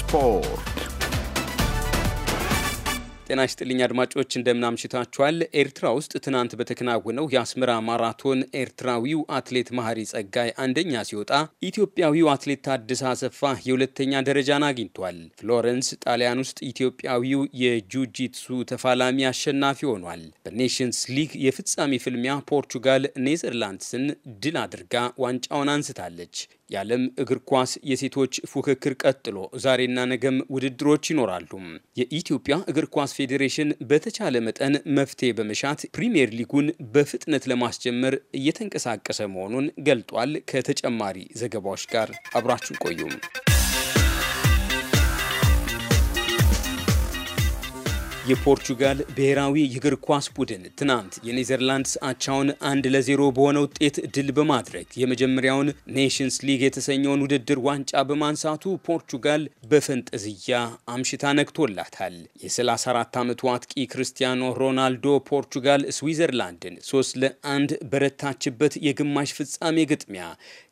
ስፖርት ጤና ይስጥልኝ አድማጮች፣ እንደምናምሽታችኋል። ኤርትራ ውስጥ ትናንት በተከናወነው የአስመራ ማራቶን ኤርትራዊው አትሌት መሐሪ ጸጋይ አንደኛ ሲወጣ ኢትዮጵያዊው አትሌት ታድሰ አሰፋ የሁለተኛ ደረጃን አግኝቷል። ፍሎረንስ ጣሊያን ውስጥ ኢትዮጵያዊው የጁጂትሱ ተፋላሚ አሸናፊ ሆኗል። በኔሽንስ ሊግ የፍጻሜ ፍልሚያ ፖርቹጋል ኔዘርላንድስን ድል አድርጋ ዋንጫውን አንስታለች። የዓለም እግር ኳስ የሴቶች ፉክክር ቀጥሎ ዛሬና ነገም ውድድሮች ይኖራሉ። የኢትዮጵያ እግር ኳስ ፌዴሬሽን በተቻለ መጠን መፍትሄ በመሻት ፕሪምየር ሊጉን በፍጥነት ለማስጀመር እየተንቀሳቀሰ መሆኑን ገልጧል። ከተጨማሪ ዘገባዎች ጋር አብራችሁ ቆዩም። የፖርቹጋል ብሔራዊ የእግር ኳስ ቡድን ትናንት የኔዘርላንድስ አቻውን አንድ ለዜሮ በሆነ ውጤት ድል በማድረግ የመጀመሪያውን ኔሽንስ ሊግ የተሰኘውን ውድድር ዋንጫ በማንሳቱ ፖርቹጋል በፈንጠዝያ አምሽታ ነግቶላታል። የ34 ዓመቱ አጥቂ ክርስቲያኖ ሮናልዶ ፖርቹጋል ስዊዘርላንድን 3 ለአንድ በረታችበት የግማሽ ፍጻሜ ግጥሚያ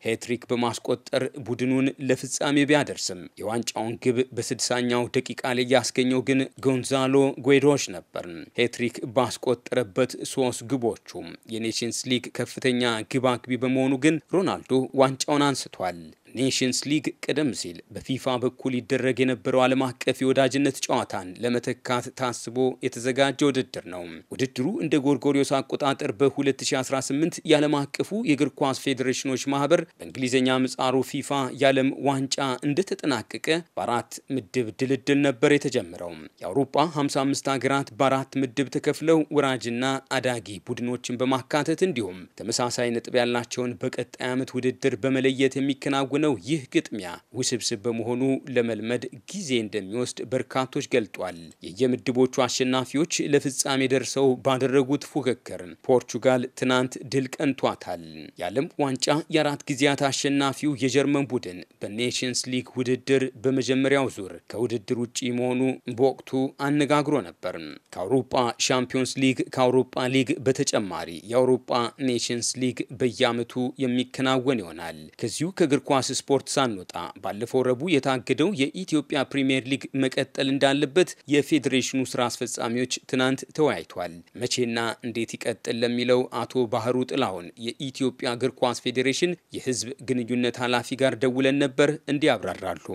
ሄትሪክ በማስቆጠር ቡድኑን ለፍጻሜ ቢያደርስም የዋንጫውን ግብ በ60ኛው ደቂቃ ላይ ያስገኘው ግን ጎንዛሎ ጎዶች ነበር። ሄትሪክ ባስቆጠረበት ሶስት ግቦቹ የኔሽንስ ሊግ ከፍተኛ ግብ አግቢ በመሆኑ ግን ሮናልዶ ዋንጫውን አንስቷል። ኔሽንስ ሊግ ቀደም ሲል በፊፋ በኩል ይደረግ የነበረው ዓለም አቀፍ የወዳጅነት ጨዋታን ለመተካት ታስቦ የተዘጋጀ ውድድር ነው። ውድድሩ እንደ ጎርጎሪዮስ አቆጣጠር በ2018 የዓለም አቀፉ የእግር ኳስ ፌዴሬሽኖች ማህበር በእንግሊዝኛ ምጻሩ ፊፋ የዓለም ዋንጫ እንደተጠናቀቀ በአራት ምድብ ድልድል ነበር የተጀመረው። የአውሮፓ 55 ሀገራት በአራት ምድብ ተከፍለው ወራጅና አዳጊ ቡድኖችን በማካተት እንዲሁም ተመሳሳይ ነጥብ ያላቸውን በቀጣይ ዓመት ውድድር በመለየት የሚከናወን የሆነው ይህ ግጥሚያ ውስብስብ በመሆኑ ለመልመድ ጊዜ እንደሚወስድ በርካቶች ገልጧል። የየምድቦቹ አሸናፊዎች ለፍጻሜ ደርሰው ባደረጉት ፉክክር ፖርቹጋል ትናንት ድል ቀንቷታል። የዓለም ዋንጫ የአራት ጊዜያት አሸናፊው የጀርመን ቡድን በኔሽንስ ሊግ ውድድር በመጀመሪያው ዙር ከውድድር ውጪ መሆኑ በወቅቱ አነጋግሮ ነበር። ከአውሮፓ ሻምፒዮንስ ሊግ፣ ከአውሮፓ ሊግ በተጨማሪ የአውሮፓ ኔሽንስ ሊግ በየዓመቱ የሚከናወን ይሆናል። ከዚሁ ከእግር ኳስ ስፖርት ሳንወጣ ባለፈው ረቡዕ የታገደው የኢትዮጵያ ፕሪምየር ሊግ መቀጠል እንዳለበት የፌዴሬሽኑ ስራ አስፈጻሚዎች ትናንት ተወያይቷል። መቼና እንዴት ይቀጥል ለሚለው አቶ ባህሩ ጥላሁን የኢትዮጵያ እግር ኳስ ፌዴሬሽን የህዝብ ግንኙነት ኃላፊ ጋር ደውለን ነበር። እንዲያብራራሉ።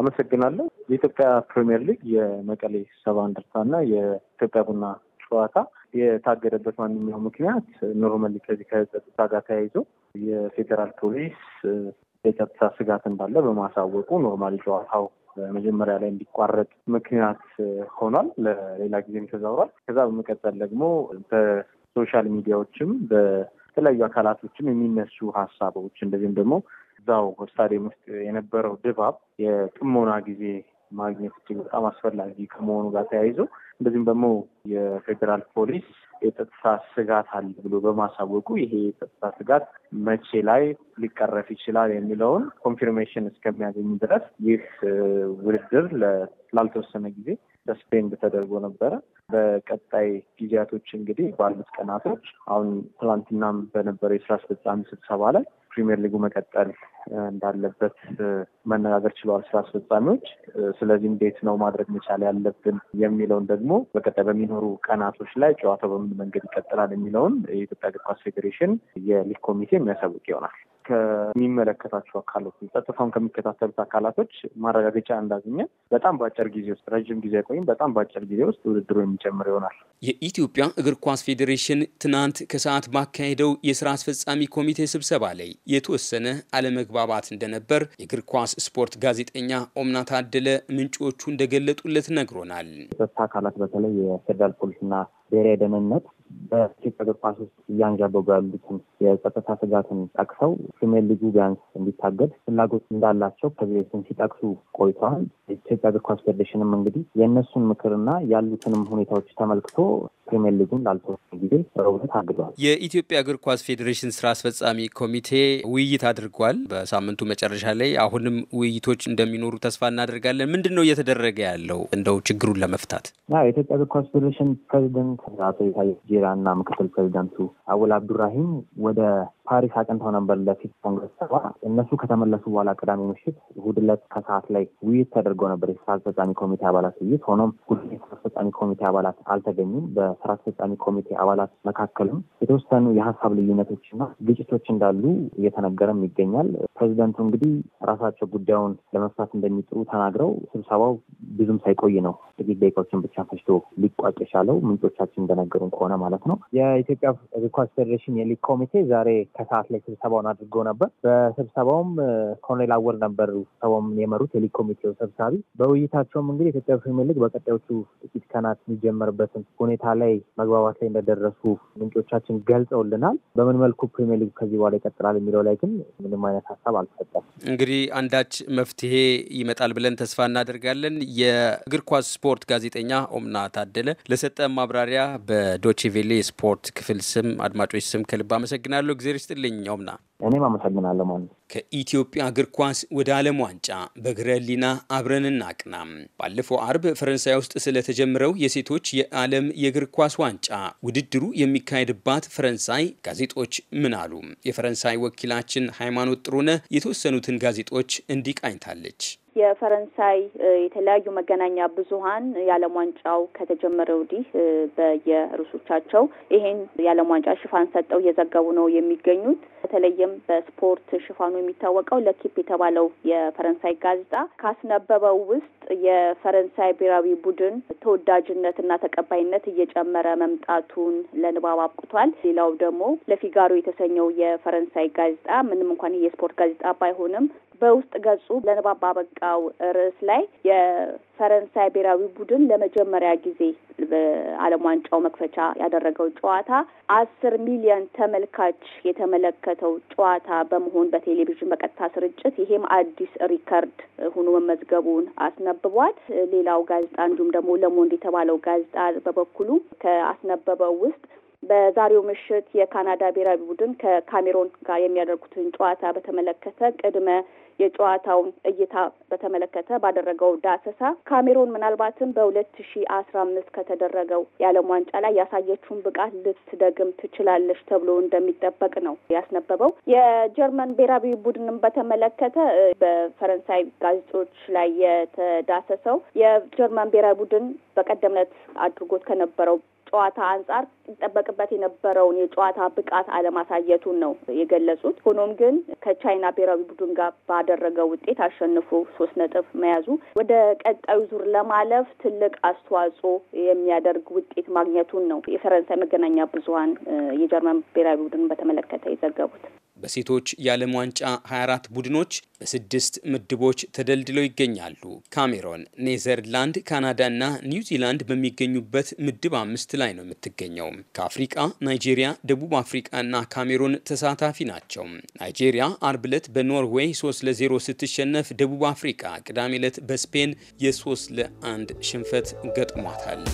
አመሰግናለሁ። የኢትዮጵያ ፕሪምየር ሊግ የመቀሌ ሰባ እንደርታና የኢትዮጵያ ቡና ጨዋታ የታገደበት ዋነኛው ምክንያት ኖርማሊ ከዚህ ከጸጥታ ጋር ተያይዞ የፌዴራል ፖሊስ የጸጥታ ስጋት እንዳለ በማሳወቁ ኖርማል ጨዋታው መጀመሪያ ላይ እንዲቋረጥ ምክንያት ሆኗል። ለሌላ ጊዜም ተዛውሯል። ከዛ በመቀጠል ደግሞ በሶሻል ሚዲያዎችም በተለያዩ አካላቶችም የሚነሱ ሀሳቦች እንደዚህም ደግሞ እዛው ስታዲየም ውስጥ የነበረው ድባብ የጥሞና ጊዜ ማግኘት እጅግ በጣም አስፈላጊ ከመሆኑ ጋር ተያይዞ እንደዚሁም ደግሞ የፌዴራል ፖሊስ የጸጥታ ስጋት አለ ብሎ በማሳወቁ ይሄ የጸጥታ ስጋት መቼ ላይ ሊቀረፍ ይችላል የሚለውን ኮንፊርሜሽን እስከሚያገኙ ድረስ ይህ ውድድር ላልተወሰነ ጊዜ ሰስፔንድ ተደርጎ ነበረ። በቀጣይ ጊዜያቶች እንግዲህ ባሉት ቀናቶች አሁን ትላንትናም በነበረው የስራ አስፈጻሚ ስብሰባ ላይ ፕሪሚየር ሊጉ መቀጠል እንዳለበት መነጋገር ችለዋል ስራ አስፈጻሚዎች። ስለዚህ እንዴት ነው ማድረግ መቻል ያለብን የሚለውን ደግሞ በቀጣይ በሚኖሩ ቀናቶች ላይ ጨዋታው በምን መንገድ ይቀጥላል የሚለውን የኢትዮጵያ እግር ኳስ ፌዴሬሽን የሊግ ኮሚቴ የሚያሳውቅ ይሆናል። ከሚመለከታቸው አካላት ጸጥታውን ከሚከታተሉት አካላቶች ማረጋገጫ እንዳገኘ በጣም በአጭር ጊዜ ውስጥ ረዥም ጊዜ አይቆይም። በጣም በአጭር ጊዜ ውስጥ ውድድሩ የሚጨምር ይሆናል። የኢትዮጵያ እግር ኳስ ፌዴሬሽን ትናንት ከሰዓት ባካሄደው የስራ አስፈጻሚ ኮሚቴ ስብሰባ ላይ የተወሰነ አለመግባባት እንደነበር የእግር ኳስ ስፖርት ጋዜጠኛ ኦምና ታደለ ምንጮቹ እንደገለጡለት ነግሮናል። ጸጥታ አካላት በተለይ የፌዴራል ፖሊስና ብሔራዊ ደህንነት በኢትዮጵያ እግር ኳስ ውስጥ እያንዣበቡ ያሉትን የጸጥታ ስጋትን ጠቅሰው ፕሪሚየር ሊጉ ቢያንስ እንዲታገድ ፍላጎት እንዳላቸው ከዚህ ሲጠቅሱ ቆይተዋል። ኢትዮጵያ እግር ኳስ ፌዴሬሽንም እንግዲህ የእነሱን ምክርና ያሉትንም ሁኔታዎች ተመልክቶ ፕሪሚየር ሊጉን ላልተወሰነ ጊዜ ረውነት አግዷል። የኢትዮጵያ እግር ኳስ ፌዴሬሽን ስራ አስፈጻሚ ኮሚቴ ውይይት አድርጓል። በሳምንቱ መጨረሻ ላይ አሁንም ውይይቶች እንደሚኖሩ ተስፋ እናደርጋለን። ምንድን ነው እየተደረገ ያለው እንደው ችግሩን ለመፍታት? የኢትዮጵያ እግር ኳስ ፌዴሬሽን ፕሬዚደንት አቶ ኢሳያስ ጄራ እና ምክትል ፕሬዚዳንቱ አወል አብዱራሂም ወደ ፓሪስ አቅንተው ነበር ለፊት ኮንግረስ ሰባ እነሱ ከተመለሱ በኋላ ቅዳሜ ምሽት እሑድ ዕለት ከሰዓት ላይ ውይይት ተደርገው ነበር የስራ አስፈጻሚ ኮሚቴ አባላት ውይይት። ሆኖም ሁሉም የስራ አስፈጻሚ ኮሚቴ አባላት አልተገኙም። በስራ አስፈጻሚ ኮሚቴ አባላት መካከልም የተወሰኑ የሀሳብ ልዩነቶችና ግጭቶች እንዳሉ እየተነገረም ይገኛል። ፕሬዚደንቱ እንግዲህ ራሳቸው ጉዳዩን ለመፍታት እንደሚጥሩ ተናግረው ስብሰባው ብዙም ሳይቆይ ነው ጥቂት ደቂቃዎችን ብቻ ፈጅቶ ሊቋጭ የቻለው ምንጮቻችን እንደነገሩን ከሆነ ማለት ነው። የኢትዮጵያ እግር ኳስ ፌዴሬሽን የሊግ ኮሚቴ ዛሬ ከሰዓት ላይ ስብሰባውን አድርገው ነበር። በስብሰባውም ኮሎኔል አወል ነበር ስብሰባውን የመሩት የሊግ ኮሚቴው ሰብሳቢ። በውይይታቸውም እንግዲህ ኢትዮጵያ ፕሪሚየር ሊግ በቀጣዮቹ ጥቂት ቀናት የሚጀመርበትን ሁኔታ ላይ መግባባት ላይ እንደደረሱ ምንጮቻችን ገልጸውልናል። በምን መልኩ ፕሪሚየር ሊግ ከዚህ በኋላ ይቀጥላል የሚለው ላይ ግን ምንም አይነት ሀሳብ አልተሰጠም። እንግዲህ አንዳች መፍትሄ ይመጣል ብለን ተስፋ እናደርጋለን። የእግር ኳስ ስፖርት ጋዜጠኛ ኦምና ታደለ ለሰጠ ማብራሪያ በዶቼቬሌ ስፖርት ክፍል ስም አድማጮች ስም ከልብ አመሰግናለሁ። ይስጥልኝ። ኦምና እኔም አመሰግናለሁ ማለት ከኢትዮጵያ እግር ኳስ ወደ ዓለም ዋንጫ በእግረ አብረን እናቅና። ባለፈው አርብ ፈረንሳይ ውስጥ ስለተጀመረው የሴቶች የዓለም የእግር ኳስ ዋንጫ ውድድሩ የሚካሄድባት ፈረንሳይ ጋዜጦች ምን አሉ? የፈረንሳይ ወኪላችን ሃይማኖት ጥሩነ የተወሰኑትን ጋዜጦች እንዲቃኝታለች። የፈረንሳይ የተለያዩ መገናኛ ብዙሀን የዓለም ዋንጫው ከተጀመረ ወዲህ በየርዕሶቻቸው ይሄን የዓለም ዋንጫ ሽፋን ሰጠው እየዘገቡ ነው የሚገኙት። በተለየ በተለይም በስፖርት ሽፋኑ የሚታወቀው ለኪፕ የተባለው የፈረንሳይ ጋዜጣ ካስነበበው ውስጥ የፈረንሳይ ብሔራዊ ቡድን ተወዳጅነትና ተቀባይነት እየጨመረ መምጣቱን ለንባብ አብቅቷል። ሌላው ደግሞ ለፊጋሮ የተሰኘው የፈረንሳይ ጋዜጣ ምንም እንኳን የስፖርት ጋዜጣ ባይሆንም በውስጥ ገጹ ለንባብ ባበቃው ርዕስ ላይ የፈረንሳይ ብሔራዊ ቡድን ለመጀመሪያ ጊዜ በዓለም ዋንጫው መክፈቻ ያደረገው ጨዋታ አስር ሚሊዮን ተመልካች የተመለከተው ጨዋታ በመሆን በቴሌቪዥን በቀጥታ ስርጭት ይሄም አዲስ ሪከርድ ሆኖ መመዝገቡን አስነብቧል። ሌላው ጋዜጣ እንዲሁም ደግሞ ለሞንድ የተባለው ጋዜጣ በበኩሉ ከአስነበበው ውስጥ በዛሬው ምሽት የካናዳ ብሔራዊ ቡድን ከካሜሮን ጋር የሚያደርጉትን ጨዋታ በተመለከተ ቅድመ የጨዋታውን እይታ በተመለከተ ባደረገው ዳሰሳ ካሜሮን ምናልባትም በሁለት ሺ አስራ አምስት ከተደረገው የዓለም ዋንጫ ላይ ያሳየችውን ብቃት ልትደግም ትችላለች ተብሎ እንደሚጠበቅ ነው ያስነበበው። የጀርመን ብሔራዊ ቡድንም በተመለከተ በፈረንሳይ ጋዜጦች ላይ የተዳሰሰው የጀርመን ብሔራዊ ቡድን በቀደምነት አድርጎት ከነበረው ጨዋታ አንጻር ይጠበቅበት የነበረውን የጨዋታ ብቃት አለማሳየቱን ነው የገለጹት። ሆኖም ግን ከቻይና ብሔራዊ ቡድን ጋር ባደረገው ውጤት አሸንፎ ሶስት ነጥብ መያዙ ወደ ቀጣዩ ዙር ለማለፍ ትልቅ አስተዋጽኦ የሚያደርግ ውጤት ማግኘቱን ነው የፈረንሳይ መገናኛ ብዙኃን የጀርመን ብሔራዊ ቡድን በተመለከተ የዘገቡት። በሴቶች የዓለም ዋንጫ 24 ቡድኖች በስድስት ምድቦች ተደልድለው ይገኛሉ። ካሜሮን፣ ኔዘርላንድ፣ ካናዳ እና ኒውዚላንድ በሚገኙበት ምድብ አምስት ላይ ነው የምትገኘው። ከአፍሪቃ ናይጄሪያ፣ ደቡብ አፍሪቃ እና ካሜሮን ተሳታፊ ናቸው። ናይጄሪያ አርብ ዕለት በኖርዌይ 3 ለ0 ስትሸነፍ፣ ደቡብ አፍሪቃ ቅዳሜ ዕለት በስፔን የ3 ለ1 ሽንፈት ገጥሟታል።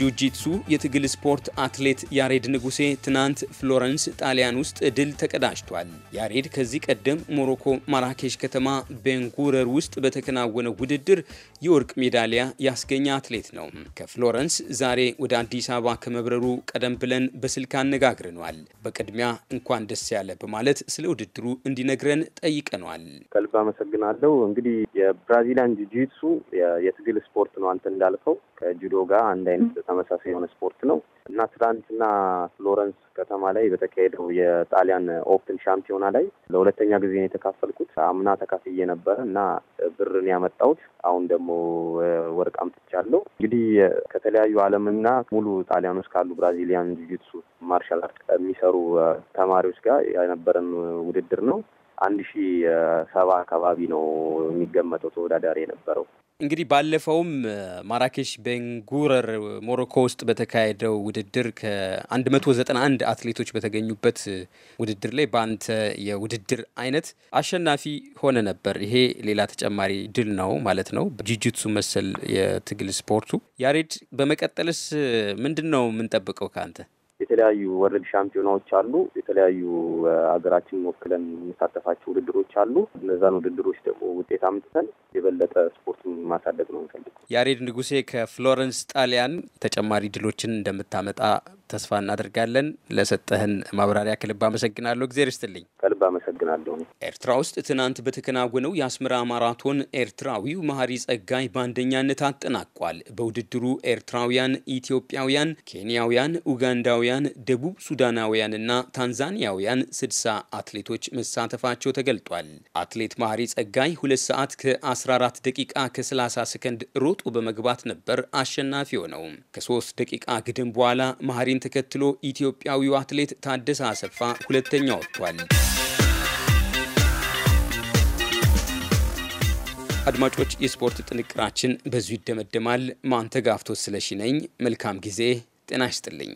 ጁጂትሱ የትግል ስፖርት አትሌት ያሬድ ንጉሴ ትናንት ፍሎረንስ ጣሊያን ውስጥ ድል ተቀዳጅቷል። ያሬድ ከዚህ ቀደም ሞሮኮ ማራኬሽ ከተማ ቤንጉረር ውስጥ በተከናወነው ውድድር የወርቅ ሜዳሊያ ያስገኘ አትሌት ነው። ከፍሎረንስ ዛሬ ወደ አዲስ አበባ ከመብረሩ ቀደም ብለን በስልክ አነጋግረነዋል። በቅድሚያ እንኳን ደስ ያለ በማለት ስለ ውድድሩ እንዲነግረን ጠይቀነዋል። ከልብ አመሰግናለሁ። እንግዲህ የብራዚሊያን ጁጂትሱ የትግል ስፖርት ነው። አንተ እንዳልከው ከጁዶ ጋር አንድ አይነት ተመሳሳይ የሆነ ስፖርት ነው እና ትላንትና ፍሎረንስ ከተማ ላይ በተካሄደው የጣሊያን ኦፕን ሻምፒዮና ላይ ለሁለተኛ ጊዜ የተካፈልኩት። አምና ተካፍዬ ነበረ እና ብርን ያመጣሁት አሁን ደግሞ ወርቅ አምጥቻለሁ። እንግዲህ ከተለያዩ ዓለምና ሙሉ ውስጥ ካሉ ብራዚሊያን ጂጂትሱ ማርሻል አርት የሚሰሩ ተማሪዎች ጋር የነበረን ውድድር ነው። አንድ ሺህ ሰባ አካባቢ ነው የሚገመተው ተወዳዳሪ የነበረው። እንግዲህ ባለፈውም ማራኬሽ ቤንጉረር ሞሮኮ ውስጥ በተካሄደው ውድድር ከ191 አትሌቶች በተገኙበት ውድድር ላይ በአንተ የውድድር አይነት አሸናፊ ሆነ ነበር። ይሄ ሌላ ተጨማሪ ድል ነው ማለት ነው፣ ጂጂትሱ መሰል የትግል ስፖርቱ። ያሬድ፣ በመቀጠልስ ምንድን ነው የምንጠብቀው ከአንተ? የተለያዩ ወርልድ ሻምፒዮናዎች አሉ። የተለያዩ ሀገራችን ወክለን የምንሳተፋቸው ውድድሮች አሉ። እነዛን ውድድሮች ደግሞ ውጤት አምጥተን የበለጠ ስፖርቱን ማሳደግ ነው እንፈልግ። ያሬድ ንጉሴ ከፍሎረንስ ጣሊያን ተጨማሪ ድሎችን እንደምታመጣ ተስፋ እናደርጋለን። ለሰጠህን ማብራሪያ ከልብ አመሰግናለሁ። እግዜር ይስጥልኝ። ከልብ አመሰግናለሁ። ኤርትራ ውስጥ ትናንት በተከናወነው የአስመራ ማራቶን ኤርትራዊው መሀሪ ጸጋይ በአንደኛነት አጠናቋል። በውድድሩ ኤርትራውያን፣ ኢትዮጵያውያን፣ ኬንያውያን፣ ኡጋንዳውያን፣ ደቡብ ሱዳናውያንና ታንዛኒያውያን ስድሳ አትሌቶች መሳተፋቸው ተገልጧል። አትሌት መሀሪ ጸጋይ ሁለት ሰዓት ከ14 ደቂቃ ከ30 ሰከንድ ሮጦ በመግባት ነበር አሸናፊ ሆነው ከሶስት ደቂቃ ግድም በኋላ መሀሪን ይህንን ተከትሎ ኢትዮጵያዊው አትሌት ታደሰ አሰፋ ሁለተኛ ወጥቷል። አድማጮች፣ የስፖርት ጥንቅራችን በዙ ይደመደማል። ማንተጋፍቶ ስለሺ ነኝ። መልካም ጊዜ። ጤና ይስጥልኝ።